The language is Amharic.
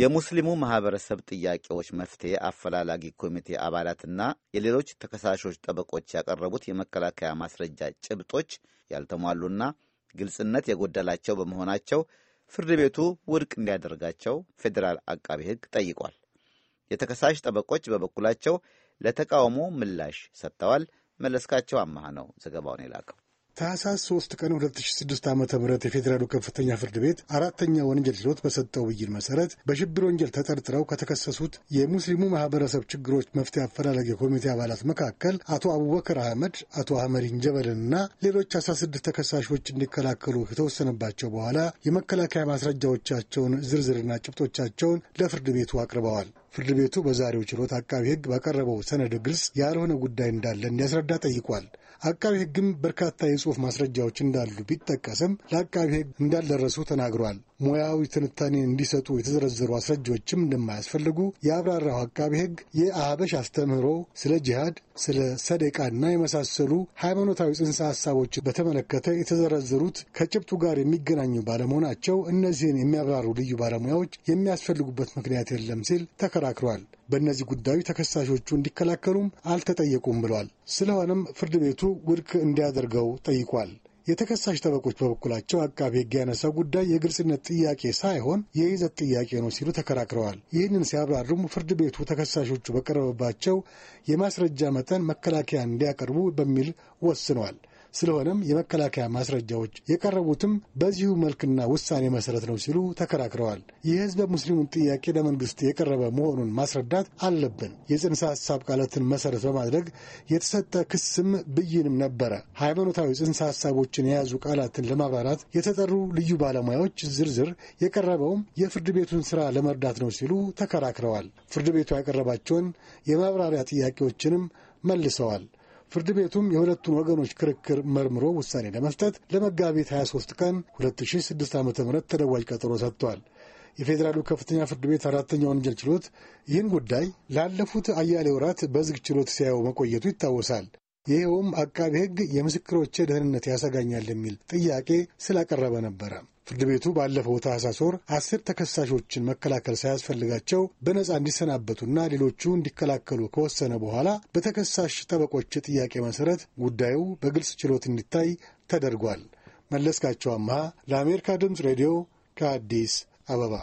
የሙስሊሙ ማህበረሰብ ጥያቄዎች መፍትሄ አፈላላጊ ኮሚቴ አባላትና የሌሎች ተከሳሾች ጠበቆች ያቀረቡት የመከላከያ ማስረጃ ጭብጦች ያልተሟሉና ግልጽነት የጎደላቸው በመሆናቸው ፍርድ ቤቱ ውድቅ እንዲያደርጋቸው ፌዴራል አቃቢ ሕግ ጠይቋል። የተከሳሽ ጠበቆች በበኩላቸው ለተቃውሞ ምላሽ ሰጥተዋል። መለስካቸው አመሃ ነው ዘገባውን የላከው። ታህሳስ 3 ቀን 2006 ዓ ም የፌዴራሉ ከፍተኛ ፍርድ ቤት አራተኛ ወንጀል ችሎት በሰጠው ብይን መሰረት በሽብር ወንጀል ተጠርጥረው ከተከሰሱት የሙስሊሙ ማህበረሰብ ችግሮች መፍትሄ አፈላላጊ ኮሚቴ አባላት መካከል አቶ አቡበከር አህመድ፣ አቶ አህመዲን ጀበልንና ሌሎች 16 ተከሳሾች እንዲከላከሉ ከተወሰነባቸው በኋላ የመከላከያ ማስረጃዎቻቸውን ዝርዝርና ጭብጦቻቸውን ለፍርድ ቤቱ አቅርበዋል። ፍርድ ቤቱ በዛሬው ችሎት አቃቢ ሕግ ባቀረበው ሰነድ ግልጽ ያልሆነ ጉዳይ እንዳለ እንዲያስረዳ ጠይቋል። አቃቢ ሕግም በርካታ የጽሁፍ ማስረጃዎች እንዳሉ ቢጠቀስም ለአቃቢ ሕግ እንዳልደረሱ ተናግሯል። ሙያዊ ትንታኔ እንዲሰጡ የተዘረዘሩ አስረጃዎችም እንደማያስፈልጉ የአብራራው አቃቢ ሕግ የአበሽ አስተምህሮ ስለ ጂሃድ፣ ስለ ሰደቃና የመሳሰሉ ሃይማኖታዊ ጽንሰ ሀሳቦች በተመለከተ የተዘረዘሩት ከጭብጡ ጋር የሚገናኙ ባለመሆናቸው እነዚህን የሚያብራሩ ልዩ ባለሙያዎች የሚያስፈልጉበት ምክንያት የለም ሲል ተከራክሯል። በእነዚህ ጉዳዮች ተከሳሾቹ እንዲከላከሉም አልተጠየቁም ብሏል። ስለሆነም ፍርድ ቤቱ ውድቅ እንዲያደርገው ጠይቋል። የተከሳሽ ጠበቆች በበኩላቸው አቃቢ ሕግ ያነሳው ጉዳይ የግልጽነት ጥያቄ ሳይሆን የይዘት ጥያቄ ነው ሲሉ ተከራክረዋል። ይህንን ሲያብራሩም ፍርድ ቤቱ ተከሳሾቹ በቀረበባቸው የማስረጃ መጠን መከላከያ እንዲያቀርቡ በሚል ወስኗል። ስለሆነም የመከላከያ ማስረጃዎች የቀረቡትም በዚሁ መልክና ውሳኔ መሰረት ነው ሲሉ ተከራክረዋል። የህዝበ ሙስሊሙን ጥያቄ ለመንግስት የቀረበ መሆኑን ማስረዳት አለብን። የጽንሰ ሀሳብ ቃላትን መሰረት በማድረግ የተሰጠ ክስም ብይንም ነበረ። ሃይማኖታዊ ጽንሰ ሀሳቦችን የያዙ ቃላትን ለማብራራት የተጠሩ ልዩ ባለሙያዎች ዝርዝር የቀረበውም የፍርድ ቤቱን ስራ ለመርዳት ነው ሲሉ ተከራክረዋል። ፍርድ ቤቱ ያቀረባቸውን የማብራሪያ ጥያቄዎችንም መልሰዋል። ፍርድ ቤቱም የሁለቱን ወገኖች ክርክር መርምሮ ውሳኔ ለመስጠት ለመጋቢት 23 ቀን 2006 ዓ ም ተለዋጭ ቀጠሮ ሰጥቷል። የፌዴራሉ ከፍተኛ ፍርድ ቤት አራተኛ ወንጀል ችሎት ይህን ጉዳይ ላለፉት አያሌ ወራት በዝግ ችሎት ሲያየው መቆየቱ ይታወሳል። ይኸውም አቃቢ ሕግ የምስክሮች ደህንነት ያሰጋኛል የሚል ጥያቄ ስላቀረበ ነበረ። ፍርድ ቤቱ ባለፈው ታህሳስ ወር አስር ተከሳሾችን መከላከል ሳያስፈልጋቸው በነፃ እንዲሰናበቱና ሌሎቹ እንዲከላከሉ ከወሰነ በኋላ በተከሳሽ ጠበቆች ጥያቄ መሠረት ጉዳዩ በግልጽ ችሎት እንዲታይ ተደርጓል። መለስካቸው አምሃ ለአሜሪካ ድምፅ ሬዲዮ ከአዲስ አበባ